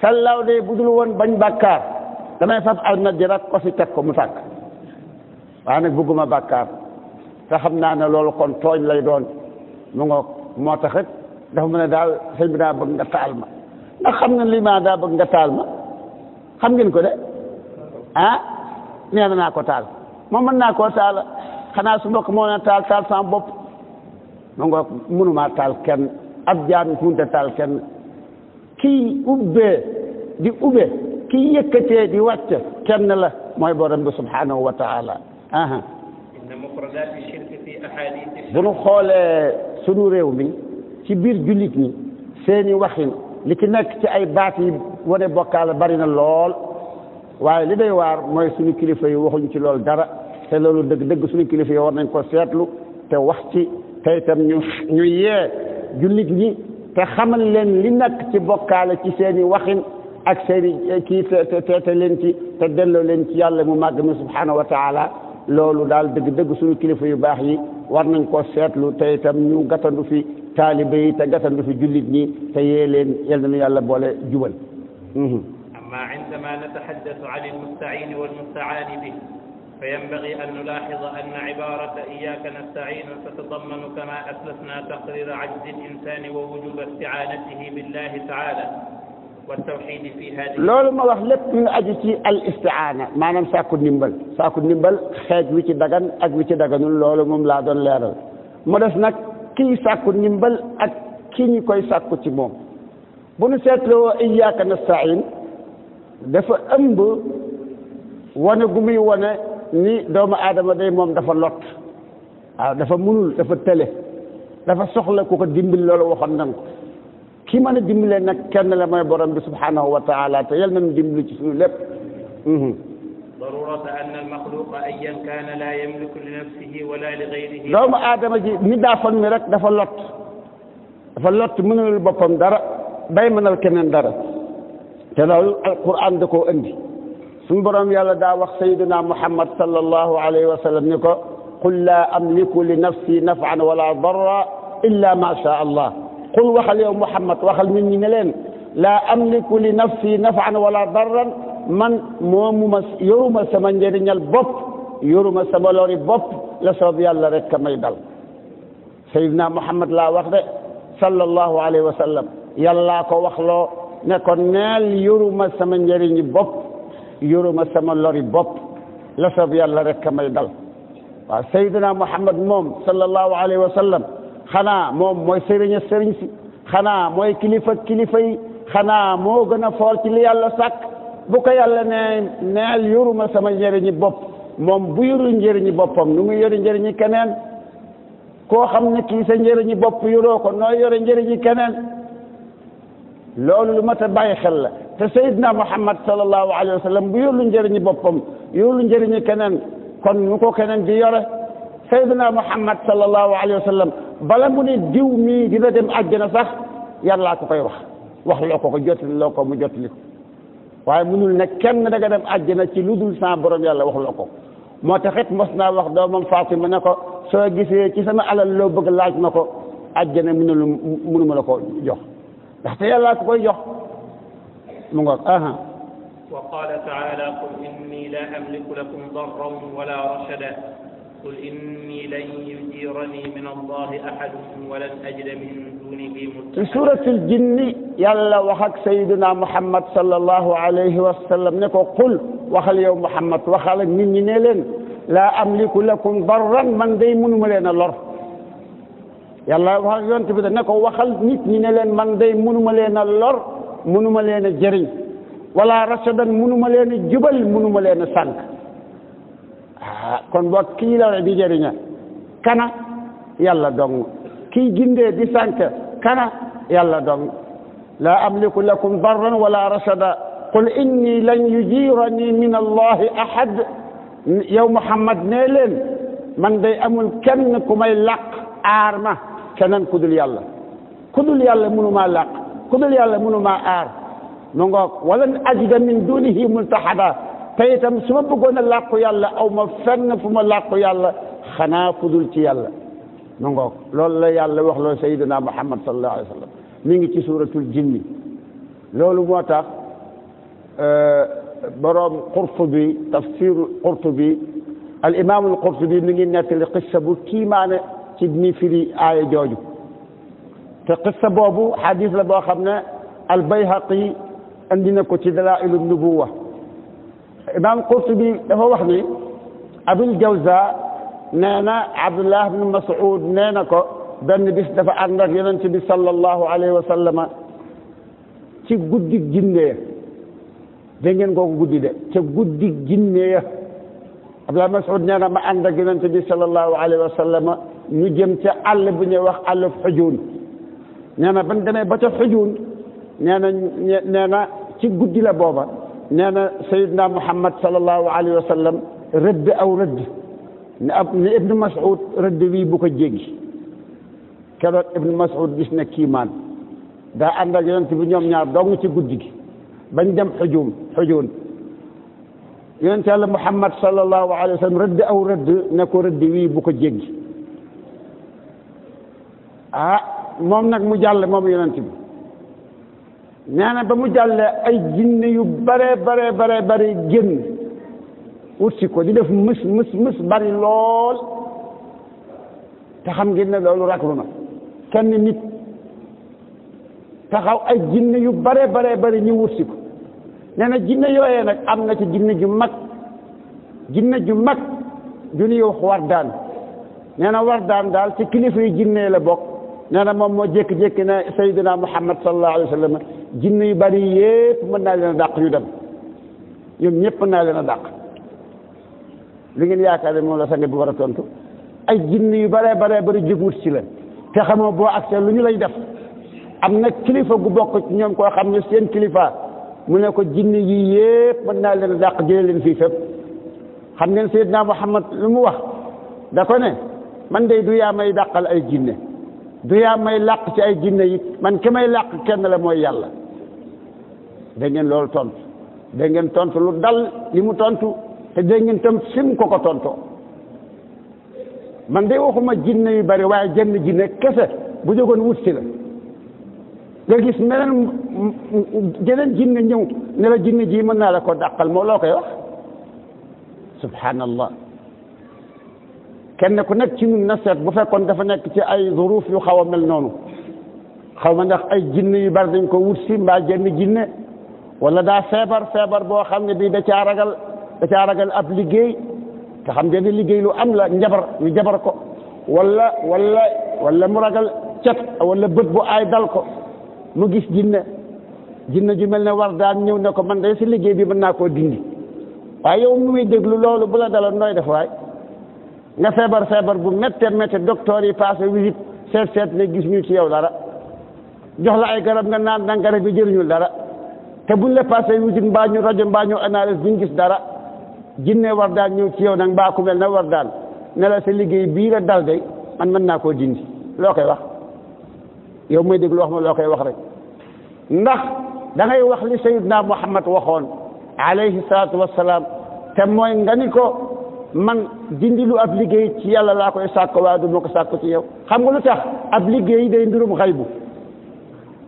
sallaaw de bu woon bañ bàkkaar damay fab almet ji rak ko si teg ko mu tàkk waaye nag bëgguma bàkkaar te xam naa ne loolu kon tooñ lay doon mu ngoog moo tax dafa mën a daaw sëñ bi daa bëgg nga taal ma ndax xam nga lii maa daa bëgg nga taal ma xam ngeen ko de ah nee na naa ko taal moom mën naa koo taal xanaa su mbokk moo na taal taal sama bopp ma nga mënumaa taal kenn ab jaam fu taal kenn kii ubbee di ubbe kii yëkkatee di wàcc kenn la mooy borom bi subhanahu wa taala aha bu nu xoolee sunu réew mi ci biir jullit ñi seeni waxin li ci nekk ci ay baat yi wane bokkaale bari na lool waaye li day waar mooy suñu kilifa yi waxuñ ci lool dara te loolu dëgg dëgg suñu kilifa yi war nañ ko seetlu te wax ci te itam ñu ñu yee jullit ñi te xamal leen li nekk ci bokkaale ci seeni waxin ak seeni ki te te leen ci te delloo leen ci yàlla mu màgg mi wa taala loolu daal dëgg-dëgg suñu kilifa yu baax yi war nañ ko seetlu te itam ñu gàttandu fi taalibe yi te gàttandu fi jullit ñi te yee leen yal nañu yàlla boole jubal. أما عندما نتحدث عن المستعين والمستعان به فينبغي أن نلاحظ أن عبارة إياك نستعين تتضمن كما أسلفنا تقرير عجز الإنسان ووجوب استعانته بالله تعالى loolu ma wax lépp ñu aju ci al istiaana maanaam sàkku ndimbal sàkku ndimbal xeej wi ci dagan ak wi ci daganul loolu moom laa doon leeral mu des nag kii sàkku ndimbal ak kii ñi koy sàkku ci moom bu nu seetloo iyyaka nasta'in dafa ëmb wane gu muy wone ni doomu aadama day moom dafa lot waaw dafa mënul dafa tële dafa soxla ku ko dimbil loolu waxoon nan ko كيما ندملي نك كان لما يبرم سبحانه وتعالى تيال من دملي جسمي لب ضرورة أن المخلوق أيا كان لا يملك لنفسه ولا لغيره دوم آدم جي ندا فنرك دفلت فلت من البطن در بين من الكنن در القرآن دكو أندي سن برام يالا سيدنا محمد صلى الله عليه وسلم نكو قل لا أملك لنفسي نفعا ولا ضرا إلا ما شاء الله قل وخل يوم محمد وخل مني نلين لا أملك لنفسي نفعا ولا ضرا من مومس يوم من جرين البط يرمس بلوري بط لسرضي الله ركا يدل سيدنا محمد لا وقت صلى الله عليه وسلم يلا كو نكون نال يرمس من جرين بط يرمس بلوري بط لسرضي الله ركا يدل سيدنا محمد موم صلى الله عليه وسلم xanaa moom mooy sëriña sëriñ xanaa mooy kilifa kilifa yi xanaa moo gën a foor ci li yàlla sàkk bu ko yàlla nee neel yoruma sama njëriñi bopp moom bu yoru njëriñi boppam nu muy yori njëriñi keneen koo xam ne kii sa njëriñi bopp yoroo ko nooy yore njëriñi keneen loolu lu mat a bàyyi xel la te Seydina Muhammad sallallahu alayhi wa sallam bu yorlu njëriñi boppam yorlu njëriñi keneen kon nu ko keneen di yore Seydina Muhammad sallallahu alayhi wa sallam bala mu ne diw mi dina dem aljana sax yalla ko fay wax wax loo ko ko jotali lo ko mu jotali ko waye munul ne kenn da nga dem aljana ci lu sa borom yàlla wax loo ko moo tax it mos naa wax Fatima ne ko so gisee ci sama alal lo bëgg laaj nako aljana àjjana munuma mënu ma la ko jox ndaxte yàllaa ko koy jox mu ngoog aha وقال تعالى قل إني لا أملك لكم ضرا ولا رشدا قل إني لن يجيرني من الله أحد ولن أجد من دونه ملتحدا في سورة الجن يلا وحق سيدنا محمد صلى الله عليه وسلم نكو قل وخل يوم محمد وخل من نيلين لا أملك لكم ضرا من ديمون ملين الله يلا وحق ينتبه بدا نكو وخل نيت نيلين من دي من ملين الله من ملين الجري ولا رشدا من ملين الجبل من ملين سانك kon boog kii lore di jëriña kana yàlla dong ki gindee di sànk kana yàlla dong la amliku lakum darran wala rashada qul inni lan yujirani min allah ahad yow muhammad nee man day amul kenn ku may làq arma kenen kudul yàlla kudul yàlla munuma làq kudul yàlla munuma ar mu ngoog walan ajida min dunihi multahada te itam su ma bëggoon a làqu yàlla aw ma fenn fu ma làqu yàlla xanaa fudul ci yàlla ma ngoog loolu la yàlla wax loolu sayyidina muhammad sallallahu alayhi wa sallam mi ngi ci suuratul jinni loolu moo tax euh, boroom qurtubi tafsiru qurtubi al imaamul qurtubi mi ngi nettali qissa bu kiimaane ci ni firi aaya jooju te qissa boobu xadis la boo xam ne al bayhaqi andi na ko ci dalaa'ilu nubuwa imaam Qurtubi dafa wax ni Abul Jawza nee na Abdullah bin Mas'ud nee na ko benn bis dafa ànd ak yonent bi sallallahu alayhi wa sallama ci guddi jinne da ngeen kooku guddi de ca guddi jinne ya Abdullah Mas'ud nee na ma ànd ak yonent bi sallallahu alayhi wa sallama ñu jëm ca àll bu ñuy wax àlluf xujuun nee na ban demee ba ca xujuun nee na nee na ci guddi la booba nee na sayidna muhammad sallallahu alayhi wa sallam rëdd aw rëdd ne ab ne ibnu mas'ud rëdd wii bu ko jéggi keroog ibnu mas'ud gis na kiimaan daa ànd ak yonent bi ñoom ñaar dong ci guddi gi bañ dem xujum xujun yonent yàlla muhammad sallallahu alayhi wa sallam rëdd aw rëdd ne ko rëdd wii bu ko jéggi ah moom nag mu jàll moom yonent bi nee ba mu jàllee ay jinne yu bare bare bare génn utsi ko di def mës mës mës bari lool te xam ngeen ne loolu raklu kenn nit taxaw ay jinne yu bare bare bari ñu wutsi ko nee jinne yooyee nag am na ci jinne ju mag jinne ju mag ju ñuy wax war daan nee na war daan daal ci kilifa yi jinne la bokk nee moom moo jékki-jékki ne sayyidina muhammad sallallahu alayhi wa sallam jinne yu bari yépp mën naa leen a dàq ñu dem ñoom ñëpp mën naa leen a dàq li ngeen yaakaar ne moom la sang bi war a tontu ay jinne yu baree baree bari jóg wut ci la te xamoo boo accès lu ñu lay def am na kilifa gu bokk ci ñoom koo xam ne seen kilifa mu ne ko jinne yi yépp mën naa leen a dàq jëlee leen fii fépp xam ngeen sayyidina muhammad lu mu wax da ko ne man day du yaa may dàqal ay jinne du yaa may làq ci ay jinne yi man ki may làq kenn la mooy yàlla dangeen ngeen loolu tontu da ngeen tontu lu dal li mu tontu te da ngeen tam sim ko ko tontoo man de waxuma jinne yu bari waaye jenn jinne kese bu jógoon wut si la nga gis meneen jeneen jinne ñëw ne jinne ji mën naa la ko dàqal moo loo koy wax subhanallah kenn ku nekk ci ñun na seet bu fekkoon dafa nekk ci ay zuruf yu xaw a mel noonu xaw ma ndax ay jinne yu bari dañ ko wut si mbaa jenn jinne wala daa feebar feebar boo xam ne bii da caa ragal da caa ragal ab liggéey te xam ngeen liggéey lu am la njabar ñu jabar ko wala wala wala mu ragal cet wala bët bu ay dal ko mu gis jinne jinne ju mel ne war daan ñëw ne ko man de si liggéey bi mën naa koo dindi waaye yow mu muy déglu loolu bu la daloon nooy def waay nga feebar feebar bu méttee méttee docteur yi passé visite seet seet ne gis ñu ci yow dara jox la ay garab nga naan naan garab yi jëriñul dara te buñ la passé visite mbaa ñu rajo mbaa ñu analyse duñ gis dara jinne war daan ñëw ci yow nag mbaa ku mel na war daan ne la sa liggéey bii la dal day man naa ko dindi loo koy wax yow may déglu wax ma loo koy wax rek ndax da wax li naa Muhammad waxoon alayhi salaatu wassalaam te mooy nga ni ko man dindi lu ab liggéey ci yàlla laa koy sàkko waaye du ma ko sàkko ci yow xam nga lu tax ab liggéey day ndurum xaybu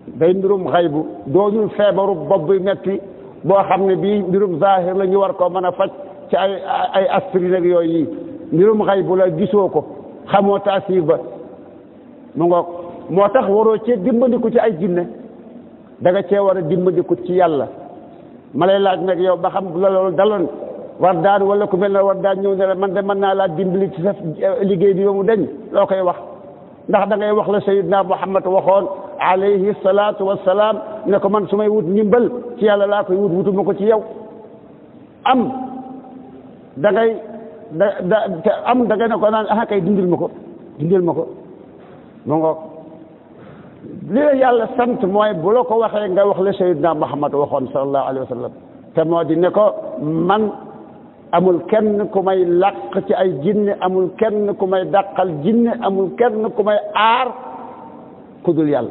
day ndurum xaybu dooñul feebaru bopp bi metti boo xam ne bii mbirum zahir la ñu war koo mën a faj ci ay ay aspirine ak yooyu yi mbirum xaybu la gisoo ko xamoo taasir ba mu ngoog moo tax waroo cee dimbandiku ci ay jinne da nga cee war a dimbandiku ci yàlla ma lay laaj nag yow ba xam la loolu daloon war daan walla ku mel ne war daan ñëw ne man de mën naa laa dimbali ci sa eh, liggéey bi ba mu deñ loo koy wax ndax dangay wax la sayidna muhammad waxoon alayhi salaatu wassalaam ne ko man su may wut ndimbal ci yàlla laa koy wut wutuma ko ci yow am da ngay da da am da aha kay dindil ma ko dindil ma ko mu ngoog li yàlla sant mooy bu ko waxee nga wax la sayidna muhammad waxoon sallallahu alayhi wa sallam di ne man amul kenn ku may làq ci ay jinne amul kenn ku may dàqal jinne amul kenn ku may aar ku dul yàlla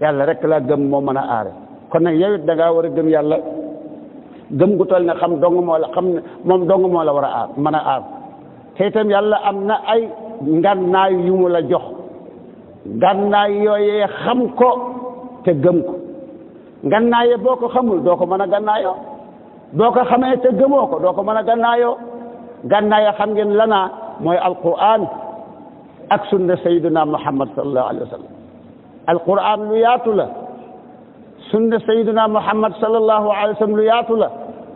yàlla rek laa gëm moo mën a aare kon nag yow it war a gëm yàlla gëm gu toll ne xam dong moo la xam ne moom dong moo la war a aar mën a aar te itam yàlla am na ay ngànnaay yu mu la jox ngànnaay yooyee xam ko te gëm ko ngànnaayee boo ko xamul doo ko mën a gànnaayoo doo ko xamee te gëmoo ko doo ko mën a gannaayoo gannaayoo xam ngeen lanaa mooy alquran ak sunna sayyiduna muhammad sallallahu alayhi yaatu la sunna sayyiduna muhammad sallallahu lu yaatu la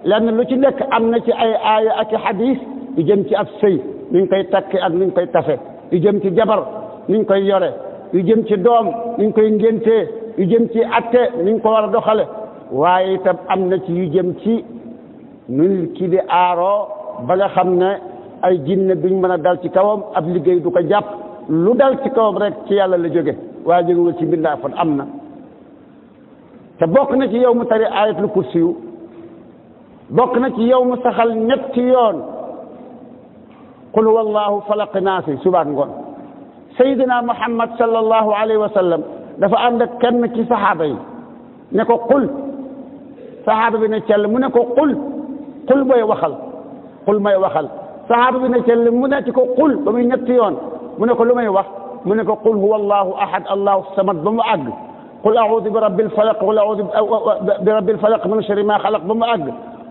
lenn lu ci nekk am na ci ay aaya ak i xadis yu jëm ci ab sëy nuñ koy takki ak nuñ koy tafe yu jëm ci jabar nuñ koy yore yu jëm ci doom nuñ koy ngéntee yu jëm ci atte ko war a doxale waaye itam am na ci yu jëm ci mulki bi aaroo ba nga xam ne ay jinne duñ mën a dal ci kawam ab liggéey du ko jàpp lu dal ci kawam rek ci yàlla la jóge waaye jógewul ci mbindaa fan am na te bokk na ci yow mu tari ayatul kursi yu bokk na ci yow mu saxal ñetti yoon qul wallahu falaq naasi subaat ngoon sayidina muhammad sallallahu alayhi wa sallam dafa ànd ak kenn ci saxaaba yi ne ko qul saxaaba bi ne cell mu ne ko qul قل ما وخال قل ما وخال صحاب بن جل منك قل بمي نتيون من منك ما ماي من منك قل هو الله احد الله الصمد بما اغ قل اعوذ برب الفلق قل اعوذ برب الفلق من شر ما خلق بما اغ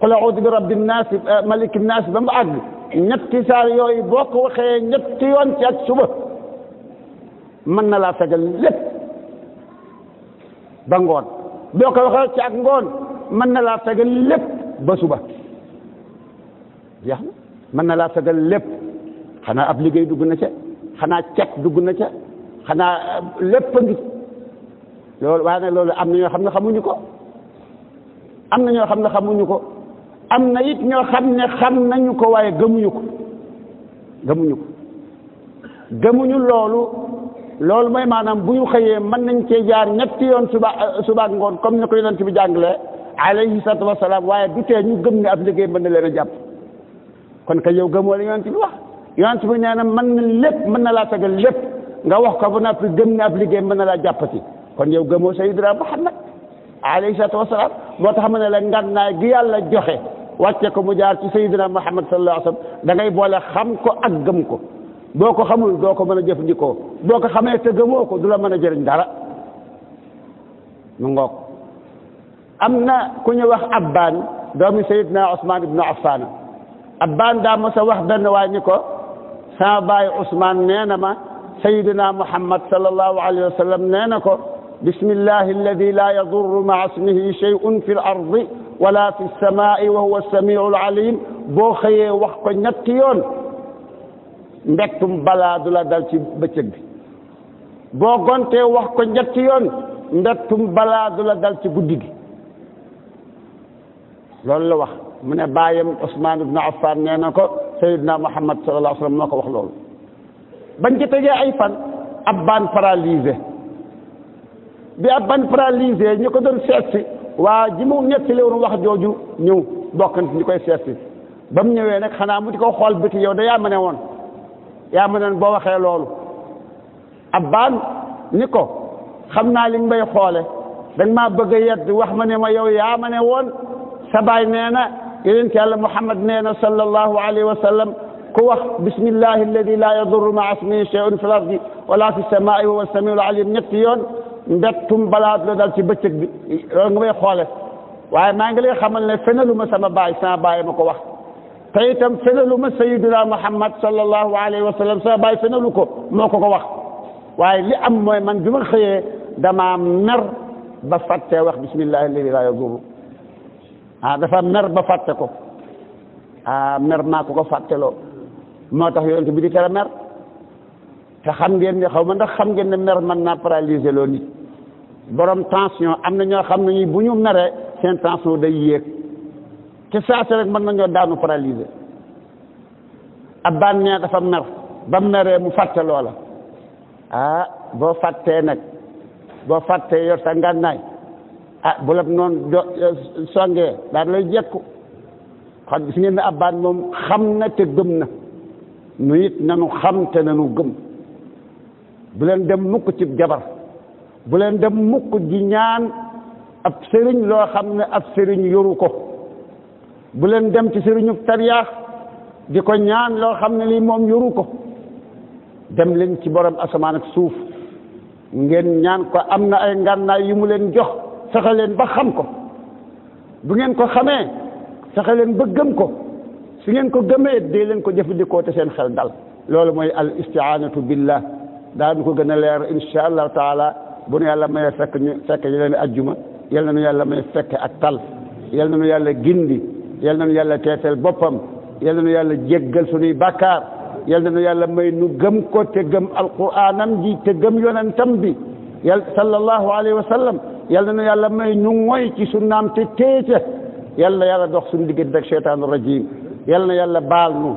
قل اعوذ برب الناس آه، ملك الناس بما اغ نتي سار يوي بوك وخي نيت تي صبح من لا سجل لب بانغون بوك وخي تي ngon man na la fegal lepp jeex na mën na laa sagal lépp xanaa ab liggéey dugg na ca xanaa cet dugg na ca xanaa lépp a ngi loolu waaye nag loolu am na ñoo xam ne xamuñu ko am na ñoo xam ne xamuñu ko am na it ñoo xam ne xam nañu ko waaye gëmuñu ko gëmuñu ko gëmuñu loolu loolu mooy maanaam bu ñu xëyee mën nañu cee jaar ñetti yoon suba suba ak ngoon comme ni ko yonent bi jàngalee alayhi salaatu wasalaam waaye du tee ñu gëm ne ab liggéey mën na leen a jàpp kon ka yow gëmoo la yonent bi wax yonent bi nee na mën lépp mën na laa tegal lépp nga wax ko ba noppi gëm na ab liggéey mën na laa jàppati kon yow gëmoo sayyidina Muhammad alayhi salaatu moo tax ma ne la ngànnaay gi yàlla joxe wàcce ko mu jaar ci sayyidina Muhammad sallallahu boole xam ko ak gëm ko boo ko xamul doo ko mën a jëfandikoo boo ko xamee te gëmoo ko du la mën a jëriñ dara mu ngoog am na ku ñu wax abbaan doomi sayyidina Usmaan ibnu Affaan abbaan daa mos a wax benn waay ni ko sama baay Ousmane nee ma sayidina Muhammad sallallahu alaihi wasallam sallam nee na ko bismillahi alladi laa yadurru maa ismihi shay'un fi l ardi wala fi samaai wa huwa samiu alalim boo xëyee wax ko ñetti yoon mbettum balaa du la dal ci bëccëg bi boo wax ko ñetti yoon mbettum balaa du la dal ci guddi gi la wax mu ne baayam Ousmane ibn Affan nee ko Seydina Muhammad sallallahu alayhi wa moo ko wax loolu bañ ci tegee ay fan ab ban paralysé bi ab ban paralysé ñu ko doon seet waa ji mu nettali woon wax jooju ñëw bokkante ñu koy seet si ba mu ñëwee nag xanaa mu di ko xool bëti yow da yaa ma ne woon yaa ma ne boo waxee loolu ab baan ni ko xam naa li nga xoole danga maa bëgg a wax ma ne ma yow yaa ma woon sa baay yonent yàlla muhammad nee na sallallahu alayhi wa sallam ku wax bismillahi alladi laa yadurru maa ismihi shay'un fil ardi wala fi samaai wa samiul alim ñetti yoon mbettum balaat la dal ci bëccëg bi loolu nga may xoole waaye maa ngi lay xamal ne fenalu ma sama baay sama baay ma ko wax te itam fenalu ma sayiduna muhammad sallallahu alayhi wa sallam sama baay fenalu ko moo ko ko wax waaye li am mooy man bi ma xëyee damaa mer ba fàttee wax bismillahi alladi laa yadurru ah dafa mer ba fàtte ko ah mer maa ko ko fàtteloo moo tax yonent bi di tere mer te xam ngeen ne xaw ma ndax xam ngeen ne mer man naa paralyser loo nit boroom tension am na ñoo xam ne ñi bu ñu meree seen tension day yéeg te saa si rek mën nañoo daanu paralyser ab baan nee dafa mer ba meree mu fàtte loola ah boo fàttee nag boo fàttee yor sa ngànnaay ah bu la noonu do eh, songee daal lay jekku xam si ngeen ab baat moom xam na te gëm na nu it nanu xam te nanu gëm bu leen dem mukk ci jabar bu leen dem mukk ji ñaan ab sëriñ loo xam ne ab sëriñ yoru ko bu leen dem ci sëriñu tariyaax di ko ñaan loo xam ne lii moom yoru ko dem leen ci borom asamaan ak suuf ngeen ñaan ko am na ay ngànnaay yu mu leen jox fexe leen ba xam ko bu ngeen ko xamee fexe leen ba gëm ko su ngeen ko gëmee dee leen ko jëfandikoo te seen xel dal loolu mooy al istianatu billah daan ko gën a leer insha allahu taala bu nu yàlla mayee fekk ñu fekk yeneen ajjuma yal na nu yàlla may fekk ak tal yal na nu yàlla gindi yal na nu yàlla teeteel boppam yal na nu yàlla jéggal sunuy bàkkaar yal na nu yàlla may nu gëm ko te gëm alquranam ji te gëm yonantam bi صلى الله عليه وسلم يلنا يلا ما ينوي كي سنام تتيجه يلا يلا دخسون ديك يلا يلا